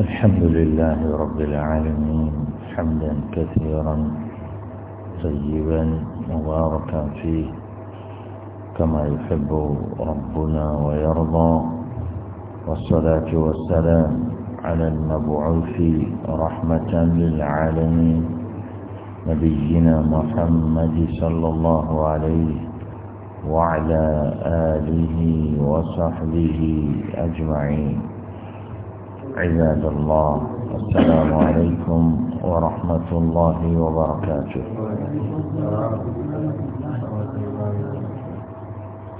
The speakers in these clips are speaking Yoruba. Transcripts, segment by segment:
الحمد لله رب العالمين حمدا كثيرا طيبا مباركا فيه كما يحب ربنا ويرضى والصلاة والسلام على المبعوث رحمة للعالمين نبينا محمد صلى الله عليه وعلى آله وصحبه أجمعين عباد الله السلام عليكم ورحمة الله وبركاته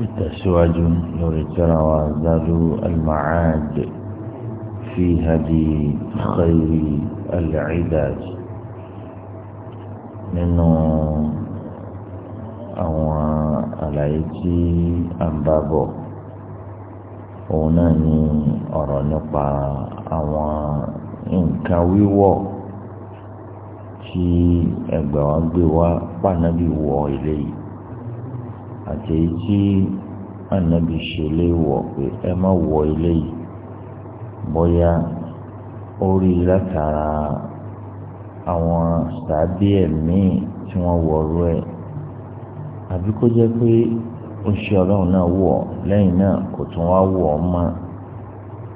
التسواج نرجر وزاد المعاد في هدي خير العباد منه أو على يدي a أوناني bá bọ̀ àwọn nǹkan wíwọ̀ tí ẹgbà wọn gbé wá pànábì wọ eléyìí àti èyí tí ànábì ṣe lé wọ pé ẹ má wọ eléyìí bóyá ó rí látara àwọn sàbí ẹ̀mí tí wọ́n wọ̀ọ́rú ẹ̀ àbí kó jẹ́ pé ó ṣe ọlọ́run náà wọ̀ lẹ́yìn náà kò tún wá wọ̀ ọ́ mọ́.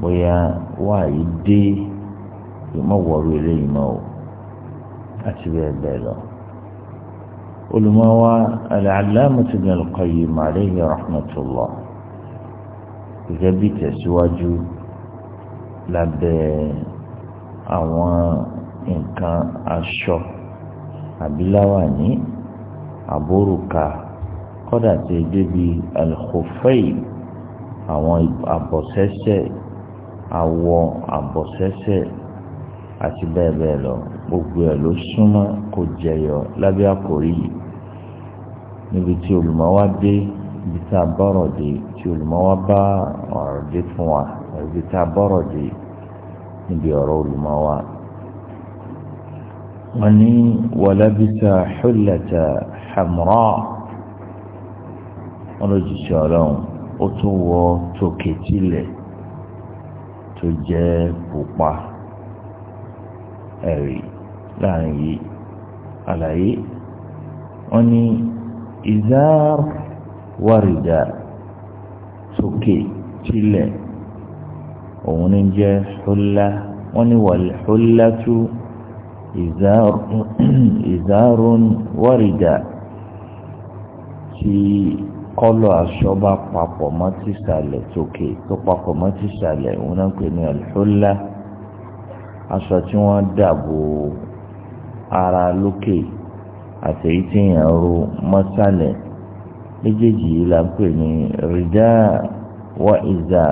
bóyá wà á dé ìmọ̀wọ́rú eléyìí mọ́ o àti bẹ́ẹ̀ bẹ́ẹ̀ lọ. olùmọ̀wá al-Allamah Ibn al-Qayyim alayhi rahmatullah gẹ́gẹ́ bí tẹ̀síwájú lábẹ́ àwọn nǹkan aṣọ àbíláwàní àbórùka kọ́dà tí débi al-khuffayn àwọn àbọ̀sẹ́sẹ́ awọ àbọ̀sẹ́sẹ̀ àti bẹ́ẹ̀ bẹ́ẹ̀ lọ gbogbo ẹ̀ ló súnmọ́ kó jẹyọ lábẹ́ àkòrí yìí níbi tí olùmọ́wá dé ibi tá a bọ̀rọ̀ dé tí olùmọ́wá bá ọ̀rọ̀ dé fún wa ibi tá a bọ̀rọ̀ dé níbi ọ̀rọ̀ olùmọ́wá. wọ́n ní wàlábìtà hullata hamra wọ́n lójúṣe ó tún wọ tòkè tilẹ̀ tó jẹ́ pupa ẹ̀rí láàrin yìí àlàyé wọ́n ní ìzáàr wàrìdà sókè tilẹ̀ òun ní jẹ́ hulla wọ́n ní wal hullatu ìzáàrún wàrìdà tí kọ́lọ̀ aṣọ bá papọ̀ mọ́ tìsàlẹ̀ tòkè tó papọ̀ mọ́ tìsàlẹ̀ òun náà pè ní alhulla aṣọ tí wọ́n dàbò ara lókè àtẹ̀yí tí yàn ro méjèèjì yìí la ń pè ní rìdá wá ìzà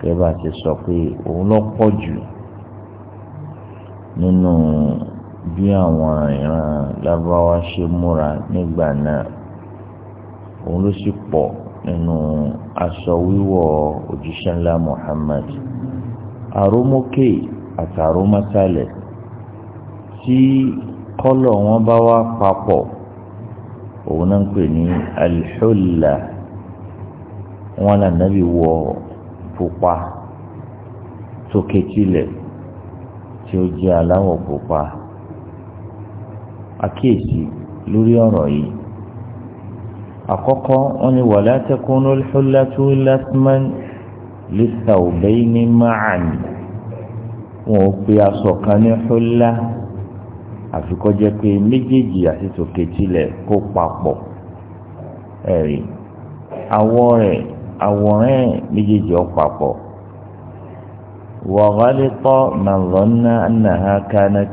kẹ́bà ti sọ pé òun lọ pọ̀ jù nínú bí àwọn ìran lábáwá ṣe múra nígbà náà. òun ló sì pọ̀ nínú aṣọ wíwọ̀ òjíṣẹ́ ńlá Muhammad àrómókè àtàrómásálẹ̀ tí kọ́lọ̀ wọn bá wá papọ̀ òun náà ń pè ní wọn wọ pupa sókè tí ó jẹ́ aláwọ̀ pupa àkíyèsí lórí ọ̀rọ̀ yìí. àkọ́kọ́ wọn ni wala takunu al-hullatu latman lis-thawbayni ma'an wọn ò pe aṣọ kan ní hulla àfikọ́ jẹ́ pé méjèèjì àti tòkè tilẹ̀ kó papọ̀ ẹ̀rí awọ rẹ̀ àwòrán ẹ̀ méjèèjì ó papọ̀ wa ghalita man dhanna annaha kanat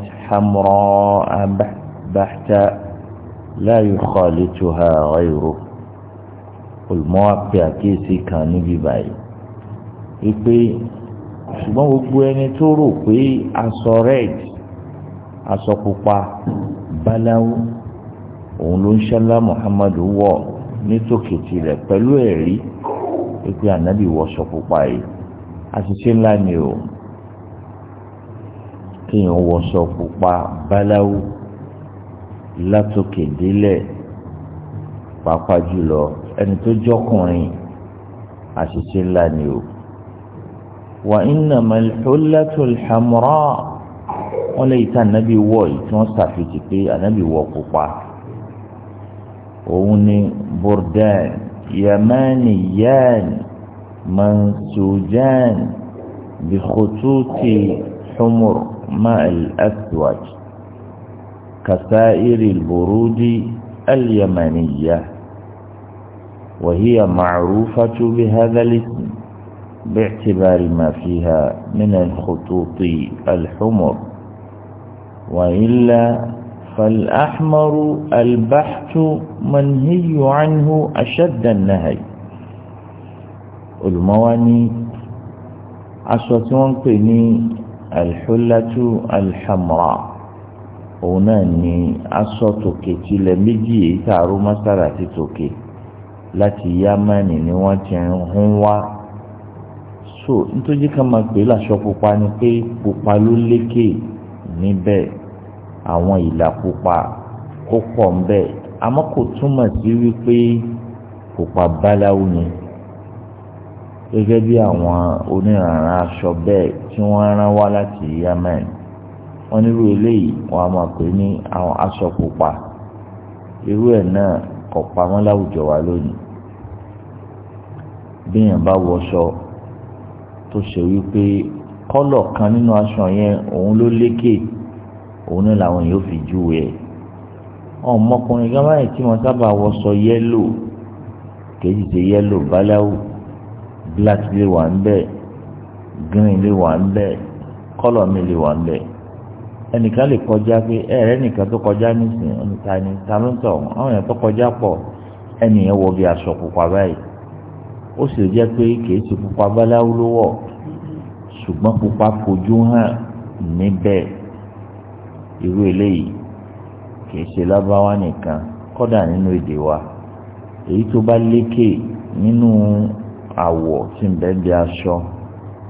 la yukhalituha ghayru olùmọ́wá pé àkíyèsí kan níbi báyìí wípé ṣùgbọ́n gbogbo ẹni tó rò pé aṣọ red aṣọ pupa báláwo òun ló ń ṣẹlá Muhammadu wọ ní tòkìtì rẹ̀ pẹ̀lú ẹ̀rí wípé ànábì wọṣọ pupa yìí àṣìṣe ńlá ni o kéèyàn wọṣọ pupa báláwo látòkè délẹ̀ pàápàá jùlọ ẹni tó jọkùnrin àṣìṣe ńlá ni o wà innama al-hullatu al-hamra wọn lè ta ànábì wọ yìí tí wọn ṣàfihàn pé ànábì wọ pupa òun ni burdan yamaniyan mansujan bi humur ma al كسائر البرود اليمنية وهي معروفة بهذا الاسم باعتبار ما فيها من الخطوط الحمر وإلا فالأحمر البحث منهي عنه أشد النهي المواني عشرة الحلة الحمراء òun náà ni aṣọ tòkè tilẹ̀ méjì èyí tààrú mọ́sára àti tòkè láti yámánì ni wọ́n ti ń hún wá so nítorí ká máa pè láṣọ pupa ni pé pupa ló lékè níbẹ̀ àwọn ìlà pupa ó pọ̀ ń bẹ̀ kò túmọ̀ sí wípé pupa báláwo ni gẹ́gẹ́ bí àwọn onírànà aṣọ bẹ́ẹ̀ tí wọ́n rán wá láti yámánì wọ́n nírú eléyìí wọ́n á máa pè ní àwọn aṣọ pupa irú ẹ̀ náà kò pamọ́ láwùjọ wa lónìí bíyàn bá wọṣọ tó ṣe wípé kọ́lọ̀ kan nínú aṣọ yẹn òun ló lékè òun náà làwọn yóò fi júwe ẹ̀ ọmọkùnrin gan tí wọ́n sábà wọṣọ yẹ́lò kejì ṣe yẹ́lò báláwù black lè wà ń bẹ green lè wà ń bẹ kọ́lọ̀ mi lè wà ń bẹ ẹnìkan lè kọjá pé ẹ̀rẹ́ nìkan tó kọjá nísìnyí ọ̀nìkan ni talóńtọ̀ àwọn èèyàn tó kọjá pọ̀ ẹnìyẹn wọ bí aṣọ pupa báyìí ó sì jẹ́ pé kìí ṣe pupa báláwo ló wọ̀ ṣùgbọ́n pupa fojú hàn níbẹ̀ irú eléyìí kìí ṣe lábáwá nìkan kọ́dà nínú èdè wa èyí tó bá lékè nínú àwọ̀ tí ń bẹ́ẹ̀ bí aṣọ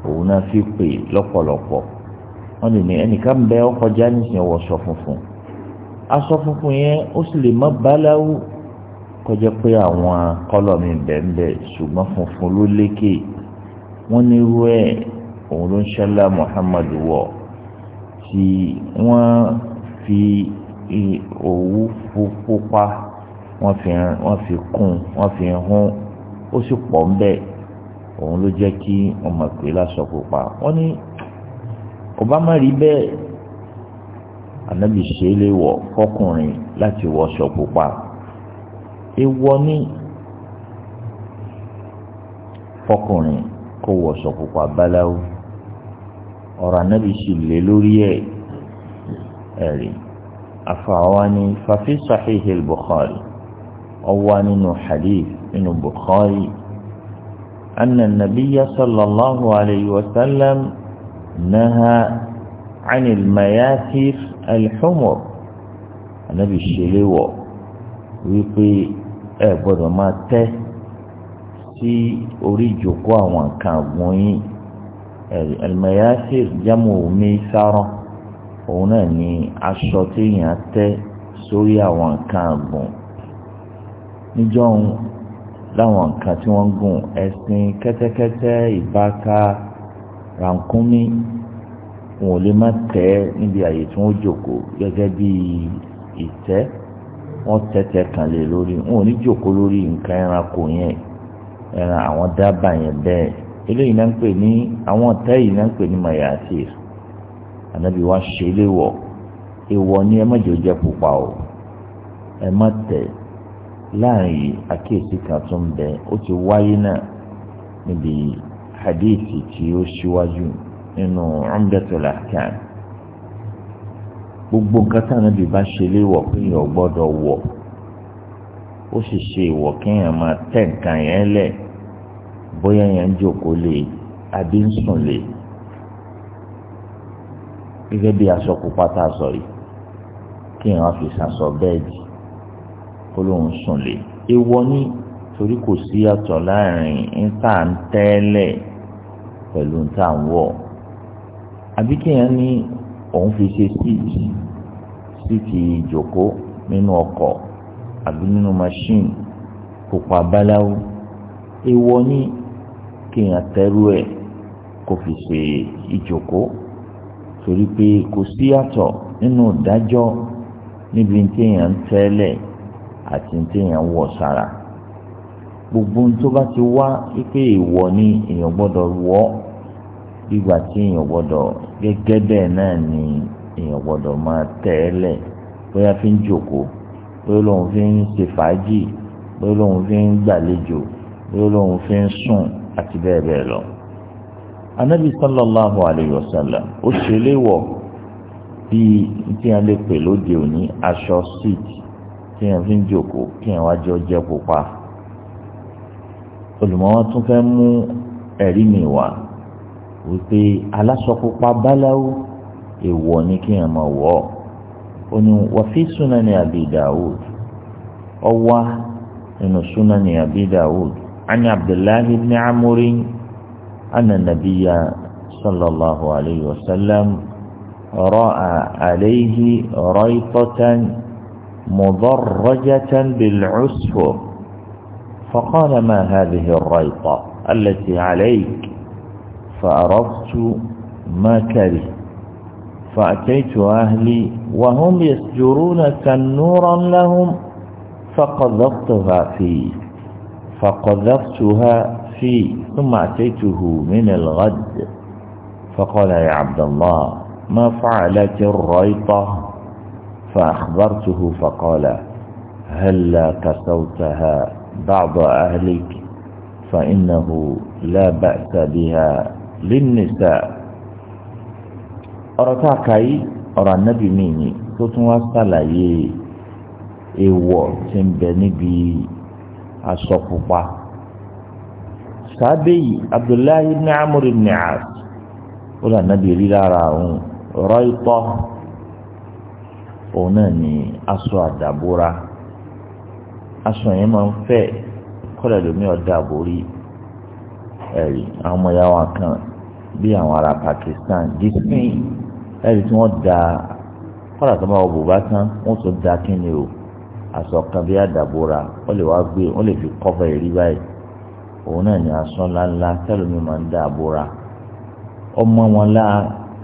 òun náà fi pè lọ́pọ̀lọpọ̀ wọ́n lè ní ẹnìkan bẹ ọkọjá nísìnyí wọ aṣọ funfun aṣọ funfun yẹn ó sì lè má báláwú kọjá pé àwọn kọ́lọ̀ mi bẹ̀ẹ̀bẹ̀ ṣùgbọ́n funfun ló lékè wọ́n ní irú ẹ̀ òun ló ń ṣẹlá Muhammadu wọ̀ tí wọ́n fi òwú pupa wọ́n fi wọ́n fi kún wọ́n fi hún ó sì pọ̀ ń òun ló jẹ́ kí wọ́n pé lásọ pupa wọ́n ní kò bá má rí bẹ́ẹ̀ ànábì ṣe é lè wọ̀ fọkùnrin láti wọṣọ pupa ewọ ní fọkùnrin kó wọṣọ pupa báláwo ọ̀rọ̀ ànábì sì lé lórí ẹ̀ ẹ̀rí afaawa ni fafi sahihi bukhari ọwa nínú hadith nínú bukhari anna nabiya sallallahu alayhi wa sallam. نهى عن المياثر الحمر النبي الشليوة wípé ẹ gbọ́dọ̀ máa tẹ́ sí orí ìjòkó àwọn nǹkan àgbọn yín ẹlmẹyàsír jámù omi sáràn òun náà ni aṣọ téèyàn tẹ́ sórí àwọn nǹkan àgbọn níjọ́ láwọn nǹkan tí wọ́n gùn ẹṣin kẹ́tẹ́kẹ́tẹ́ ìbáka rànkúnmí wọn ò lè má tẹ́ níbi àyè tí wọ́n jòkó gẹ́gẹ́ bí ìtẹ́ wọ́n tẹ́tẹ́ kan lè lórí wọn ò ní jòkó lórí nǹkan ẹranko yẹn ẹran àwọn dábàá yẹn bẹ́ẹ̀ eléyìí náà ń pè ní àwọn ọ̀tá yìí náà ń pè ní mayasir ànábi wa ṣe é léwọ̀ èèwọ̀ ni ẹ má jẹ́ jẹ́ pupa o ẹ má tẹ̀ láàrin àkíyèsí kan tó ń bẹ ó ti wáyé náà níbi yìí hadithi tí ó ṣíwájú nínú Umdatul Ahkam gbogbo nǹkan tí ànábì bá ṣe léwọ̀ kéèyàn gbọ́dọ̀ wọ̀ ó sì ṣe ìwọ̀ kéèyàn máa tẹ̀ nǹkan yẹn lẹ̀ bóyá yẹn ń jòkó lé àbí ń sùn lé gẹ́gẹ́ bí aṣọ pupa sọ yìí kéèyàn á fi ṣàṣọ bẹ́ẹ̀dì kó lóun sùn lé ewọ ní torí kò sí àtọ̀ láàrin ń tà ń tẹ́lẹ̀ pẹ̀lú nta ń wọ̀ àbí kéèyàn ní òun fi ṣe síìtì síìtì ìjòkó nínú ọkọ̀ àbí nínú machine pupa báláwo èèwọ̀ ní kéèyàn tẹ́rù ẹ̀ kó fi ṣe ìjòkó torí pé kò sí yàtọ̀ nínú ìdájọ́ níbi téèyàn ń tẹ́lẹ̀ àti téèyàn ń wọ̀ sára gbogbo tó bá ti wá pé ìwọ ni èèyàn gbọ́dọ̀ wọ ìgbà tí èèyàn gbọ́dọ̀ gẹ́gẹ́ bẹ́ẹ̀ náà ni èèyàn gbọ́dọ̀ máa tẹ̀ ẹ́ lẹ̀ bóyá fi ń jòkóó bóyá lòun fi ń ṣe fàájì bóyá lòun fi ń gbàlejò bóyá lòun fi ń sùn àti bẹ́ẹ̀ bẹ́ẹ̀ lọ. anabi sallallahu alayhi wa sallam ó ṣe léwọ̀ bíi tí a lè pè lóde òní aṣọ síìtì tí a fi ń jòkóó kí a wá jọ jẹ́ pupa olùmọ̀wọ́n tún fẹ́ mú ẹ̀rí mi wá wípé alásọpupa báláwo èèwọ̀ ni kí n máa wọ̀ ọ́ ó ní wà fi sunani abi dawud ọwá nínú sunani abi dawud ani abdullahi ibn amuri ana nabiya sallallahu alayhi wa sallam ra'a alayhi raytatan mudarrajatan bil'usfur. فقال ما هذه الريطة التي عليك فأردت ما كره فأتيت أهلي وهم يسجرون تنورا لهم فقذفتها فيه فقذفتها فيه ثم أتيته من الغد فقال يا عبد الله ما فعلت الريطة فأخبرته فقال هلا كسوتها بعض أهلك فإنه لا بأس بها للنساء أرتاكي أرى النبي مني تتوى صلاة ewọ tí ń bẹ níbi aṣọ pupa sábẹ yìí abdullahi ibn amr ibn as ó là nàbí rí lára òun rọ ìtọ òun náà ní aṣọ àdàbúra aṣọ yẹn máa ń fẹ́ kọ́lẹ̀ lómi ọ̀dà àbórí ẹ̀rí àwọn ọmọ ìyá wa kan bí àwọn ará Pakistan disney ẹ̀rí tí wọ́n da kọ́lá tó máa wọ bùbá tán wọ́n tún da kíni o aṣọ kan bí àdàbòrà wọ́n lè wá gbé wọ́n lè fi kọ́fẹ́ rí báyìí òun náà ní aṣọ ńláńlá tẹ́lómi máa ń da àbòrà ọmọ wọn láà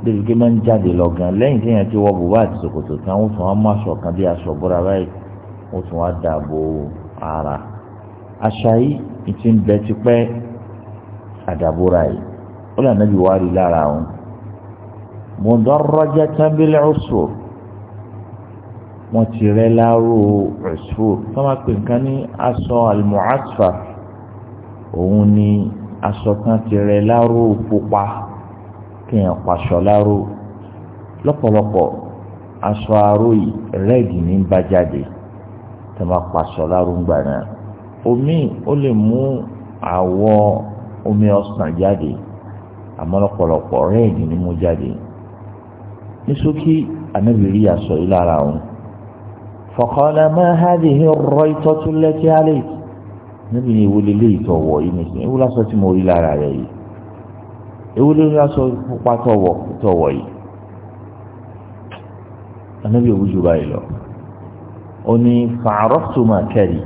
débi pé máa ń jáde lọ gan lẹ́yìn tí èèyàn ti wọ bùbá àti ṣòkòtò tán wọ́n tún wọ́n mú aṣọ kan bí aṣọ bóra báyìí ó tún wá dààbò ara àṣà yìí ti ń bẹ tipẹ́ àdàbòrà yìí ó lànà bí wàá rí lára òun mọ̀dọ́rọ́jà tábìlì ọ̀ṣọ́ wọ́n ti rẹ́ láàrú ọ̀ṣọ́ tó máa pè nǹkan ní aṣọ àlùmọ́àṣfà òun ni aṣọ kan ti rẹ́ láàrú pupa kéèyàn paṣọ láàrú lọ́pọ̀lọpọ̀ aṣọ aró yìí rẹ́ẹ̀dì ní bá jáde tó máa paṣọ lárúgbà náà omi ó lè mú àwọ̀ omi ọsàn jáde àmọ́ lọ́pọ̀lọpọ̀ rẹ́ẹ̀dì ni mo jáde ní sókè anábìrí aṣọ yìí lára òun fọkànlá máa hádìí hí rọ ìtọ́tún lẹ́tí alẹ́ níbi ni ìwọlé lé ìtọ̀wọ̀ yìí nìkan ìwọlé aṣọ tí mo rí lára rẹ̀ yìí ìwọlé ní aṣọ pupa tọ̀wọ̀ yìí anábìrí òwúṣù báyìí lọ ó ní fàárọ̀tùmọ̀ kẹ́rì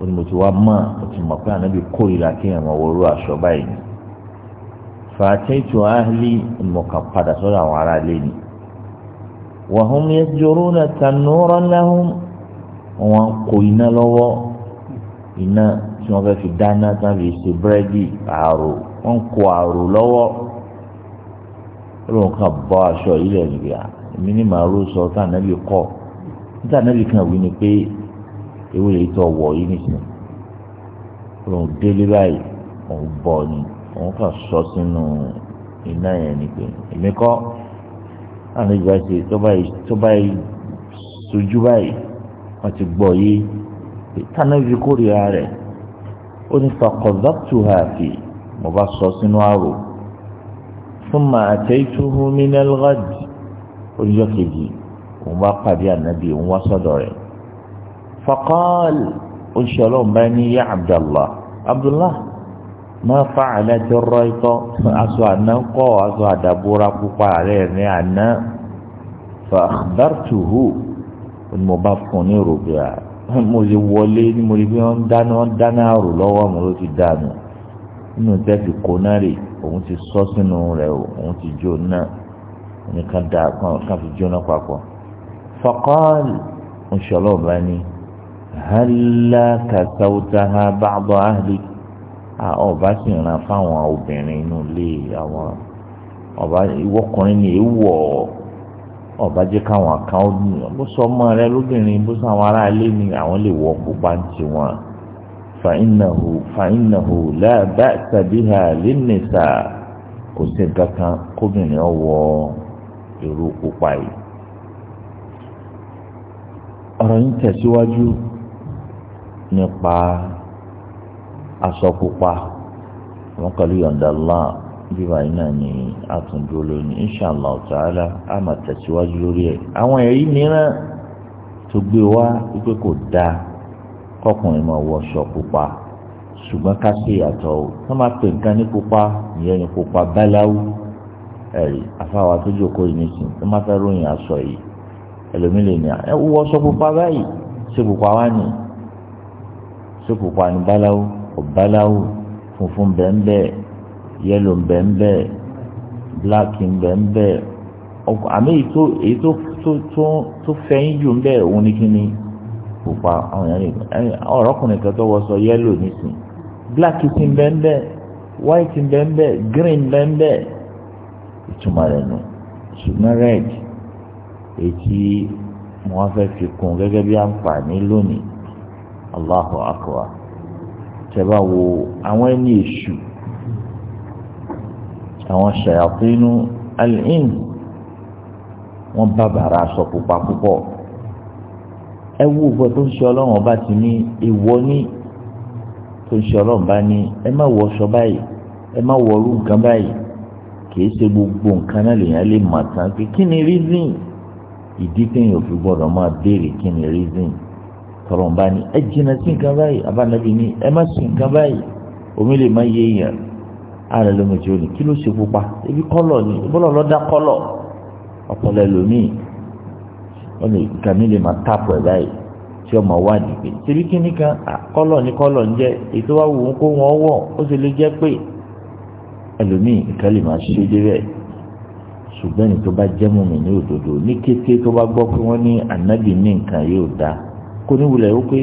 ó ní mo ti wá mọ̀ mo ti mọ̀ pé ànábì kórìíra kí ẹ̀mọ̀ wọ́rú aṣọ báyìí ni fàtẹ́tù áhìlì ìmọ̀kà padà sọ́dọ̀ àwọn ará ilé ni wàhùn yasjuruna tanúrọ̀ lahum wọn kò iná lọ́wọ́ iná tí wọ́n fẹ́ fi dáná tí wọ́n fi ṣe búrẹ́dì àrò wọ́n kó àrò lọ́wọ́ lóun kà bọ́ aṣọ ilẹ̀ nìyà èmi ní màá rú sọ tá níta náà lè fi hàn wí ni pé ewé rẹ̀ tó wọ̀ yìí nìkan òun délé báyìí òun bọ̀ ni òun kà sọ sínú iná yẹn ni pé èmi kọ́ àwọn ìgbà ṣe tó báyìí sojú báyìí wọ́n ti gbọ́ yìí tánà fi kórìíra rẹ̀ ó ní fàkọ̀dọ́tù hàfi mo bá sọ sínú àrò fún màá tẹ́ ìtúhu mí nẹ́lgàdì oníjọ́ kejì òun bá pàdé ànábì òun wá sọ́dọ̀ rẹ̀ faqal oṣù ọlọ́run bá ní yá abdallah abdullah máa fa àlẹ́ tó rọ ikọ́ aṣọ àná kọ́ aṣọ àdàbúra pupa rẹ̀ ní àná fa akhbartuhu ni mo bá fún ní rògbìà ah, mo lè wọlé ni mo lè bí wọn dáná wọn dáná àrò lọ́wọ́ mo ló ti dànù nínú tẹ́sí kónárì òun ti sọ sínú rẹ̀ òun ti jó náà ní ká fi jóná papọ̀. فقال ìṣọ̀lọ́ شاء الله بني هل bàbá àhìlì بعض sì ń ran fáwọn obìnrin inú ilé àwọn ọba ìwọkùnrin ni èèwọ̀ ọba jẹ́ káwọn kan ó ní bó sọ ọmọ rẹ lóbìnrin bó sọ àwọn aráalé ni àwọn lè wọ pupa ń tiwọn fàínàhù fàínàhù láàbá tàbíhà lẹ́nìsà kò sí nǹkan kan kóbìnrin ọwọ́ èrò pupa yìí. ọ̀rọ̀ yìí tẹ̀síwájú nípa aṣọ pupa wọn kọlu yọ̀ǹda bíbá yìí náà lónìí inshàlá a máa tẹ̀síwájú lórí ẹ̀ àwọn ẹ̀rí mìíràn tó gbé wá wípé kò dáa kọkùnrin máa wọ aṣọ pupa ṣùgbọ́n ká ìyàtọ̀ o wọ́n máa pè nǹkan ní pupa ìyẹn ní pupa báláwú ẹ̀rí afáwa tó jókòó yìí nìsín wọ́n máa ẹlòmí lè ní ẹ wọ sọ pupa báyìí ṣe pupa wá ní ṣe pupa ní báláwo ọ̀báláwo funfun bẹ́ẹ̀nbẹ́ yẹlò bẹ́ẹ̀nbẹ́ bíláàkì bẹ́ẹ̀nbẹ́ ọkọ àmì èyí tó èyí tó tó tó fẹ́yìn jù ń bẹ́ òun ní kíni pupa àwọn yẹn ní ọ̀rọ̀ kan tó wọ sọ yẹlò nísìn bíláàkì ti bẹ́ẹ̀nbẹ́ white bẹ́ẹ̀nbẹ́ green bẹ́ẹ̀nbẹ́ ìtumọ̀ rẹ̀ nù ṣùgbọ́n red èyí tí wọ́n fẹ́ fi kún gẹ́gẹ́ bí àǹfààní lónìí Allahu akbar tẹ́bá wo àwọn ẹni èṣù àwọn ṣàyàpínú alìn wọ́n bá bàrà aṣọ pupa púpọ̀ ẹ wú ògbọ́ tó ń ṣe ọlọ́run ọba ti ní ìwọ ní tó ń ṣe ọlọ́run bá ní ẹ má wọ ọṣọ báyìí ẹ má wọ ọrú nǹkan báyìí kì í ṣe gbogbo nǹkan náà lèèyàn lè mọ̀ tán pé kí ni reason ìdí téèyàn fi gbọ́dọ̀ máa béèrè kí ni reason tọrọ bá ní ẹ jìnnà sí nǹkan báyìí abánabi ní ẹ má sí nǹkan báyìí omi lè má yé èèyàn ààrẹ lómi tí ó ní kí ló ṣe pupa ebi kọlọ ni ìbọlọ lọ dá kọlọ ọpọlọ ẹlòmíì wọn lè nǹkan mi lè má tàpọ̀ ẹ̀ báyìí tí ọmọ wa dìgbè síbi kíní kan kọlọ ní kọlọ ń jẹ ètò wa wò ó kó wọn wọ ó sì lè jẹ pé ẹlòmíì nǹkan lè má ṣe débẹ̀ ṣùgbọ́n ní tó bá jẹ́ mùmí ní òdodo ní kété tó bá gbọ́ pé wọ́n ní ànábì ní nǹkan yóò dá kó ní wulẹ̀ ó pé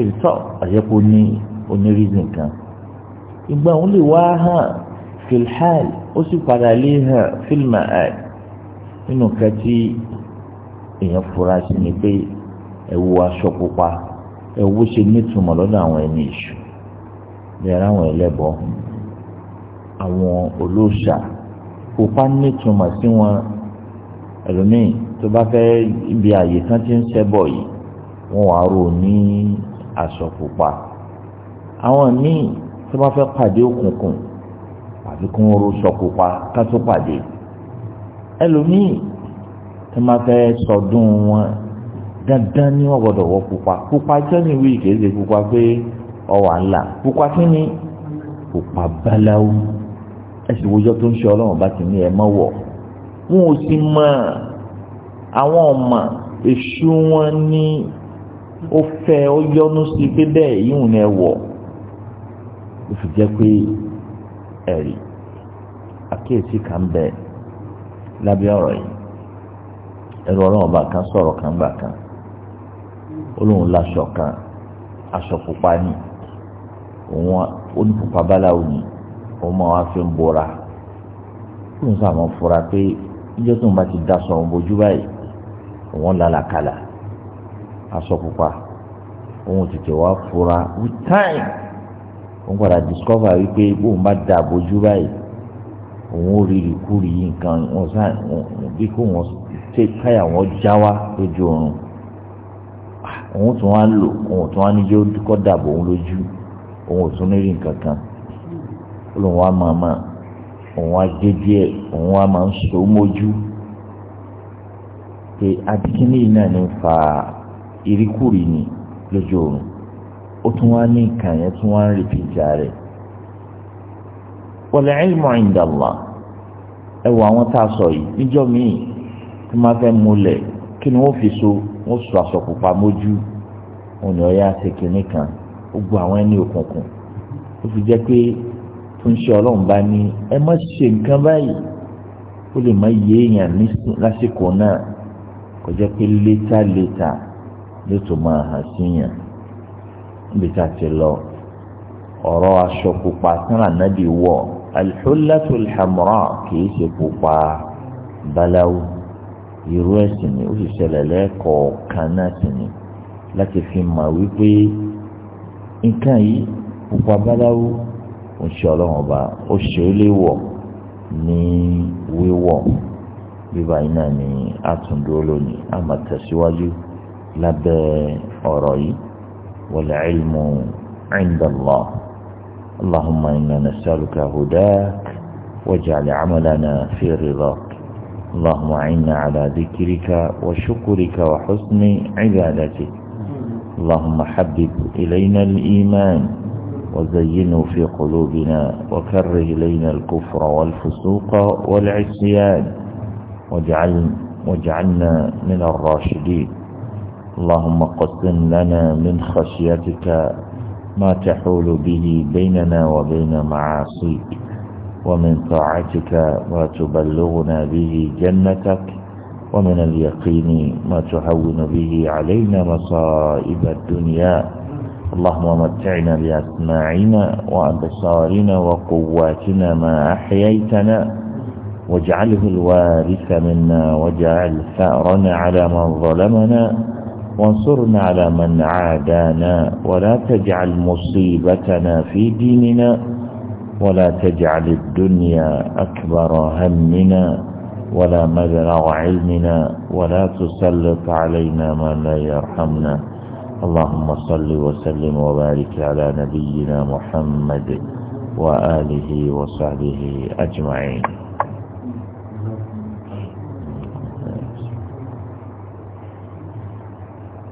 ètò àyẹ̀kọ́ ní onírìsìn kan ìgbà òun lè wá hàn filhal ó sì padà lé hàn fílmà nínú kan tí èèyàn fura sí ni pé ẹ wo aṣọ pupa ẹ wo ṣe nítumọ̀ lọ́dọ̀ àwọn ẹni ìṣù bí ara àwọn ẹlẹ́bọ àwọn olóòṣà pupa nítumọ̀ sí wọn ẹlòmíì tó bá fẹ́ ibi àyè kan ti ń ṣẹbọ yìí wọn wàá rò ní aṣọ pupa àwọn míì tó bá fẹ́ pàdé òkùnkùn àfi kún oró sọ pupa ká tó pàdé ẹlòmíì tó máa fẹ́ sọdún wọn dandan ni wọn gbọ́dọ̀ wọ pupa pupa jẹni wíì kìí ṣe pupa pé ọwà ńlá pupa kí ni pupa báláwo ẹsì wòjọ tó ń ṣe ọlọ́run bá ti ní ẹ mọ́ wọ̀ wọn ò sì mọ àwọn ọmọ èṣù wọn ní ó fẹ́ ó yọnu sí pé bẹ́ẹ̀ yíwùn ni ẹ wọ̀ ó fi jẹ́ pé ẹ̀rí àkíyèsí kan bẹ lábẹ́ ọ̀rọ̀ yìí ẹ̀rọ ọlọ́run bá kan sọ̀rọ̀ kan bá kan olóhùn láṣọ kan aṣọ pupa ni òun onípupa báláwo ni òun máa wá fi ń bora kó n sàmọ́ fura pé ìjọ tó ń bá ti da sọ òun bójú báyìí òun làlàkàlà aṣọ pupa òun tètè wá fura with time òun padà discover wípé bóun bá da bójú báyìí òun ò rírì kúrì yìí nǹkan wọn sá bí kò wọn ṣe káyà wọn já wá lójú oorun ah, òun tún wá lò òun tún wá níjó kọ́ dàbò òun lójú òun ò tún ní rí nǹkan kan olóhùn wa màmá òun wa jẹjẹ òun wa máa ń so mójú pé adikini yìí náà ní fa irikuri ni lójú oorun ó tún wá ní nǹkan yẹn tún wá ń rìpìtì rẹ wọlé ilmu inda Allah ẹ wọ àwọn tá a sọ yìí níjọ́ míì tó máa fẹ́ múlẹ̀ kí ni wọ́n fi so wọ́n so aṣọ pupa mójú òun ni ọ̀ya ṣe kìnnìkan ó gbọ́ àwọn ẹni òkùnkùn ó fi jẹ́ pé tó ń ṣe ọlọ́run bá ní ẹ má ṣe nǹkan báyìí ó lè má yé èèyàn lásìkò náà kọjá pé létà létà ló tó máa hàn síyàn níbi tá a ti lọ ọ̀rọ̀ aṣọ pupa sára nábì wọ̀ alḥullatu alḥamra kìí ṣe pupa báláwo irú ẹ̀sìn ni ó sì ṣẹlẹ̀ lẹ́ẹ̀kọ̀ọ̀kan náà sì ni láti fi mọ̀ wípé nǹkan yìí pupa báláwo. ṣe ọlọ́run ọba ó ṣe é léwọ̀ ní wíwọ̀ bíbá iná ni àtúndúró lónìí a tẹ̀síwájú lábẹ́ ọ̀rọ̀ yìí والعلم عند الله اللهم إنا نسألك هداك واجعل عملنا في رضاك اللهم أعنا على ذكرك وشكرك وحسن عبادتك اللهم حبب إلينا الإيمان وزينه في قلوبنا وكره إلينا الكفر والفسوق والعصيان واجعل واجعلنا من الراشدين اللهم قسم لنا من خشيتك ما تحول به بيننا وبين معاصيك ومن طاعتك ما تبلغنا به جنتك ومن اليقين ما تهون به علينا مصائب الدنيا اللهم متعنا لأسماعنا وأبصارنا وقواتنا ما أحييتنا واجعله الوارث منا واجعل ثأرنا على من ظلمنا وانصرنا على من عادانا ولا تجعل مصيبتنا في ديننا ولا تجعل الدنيا أكبر همنا ولا مبلغ علمنا ولا تسلط علينا من لا يرحمنا اللهم صل وسلم وبارك على نبينا محمد وآله وصحبه أجمعين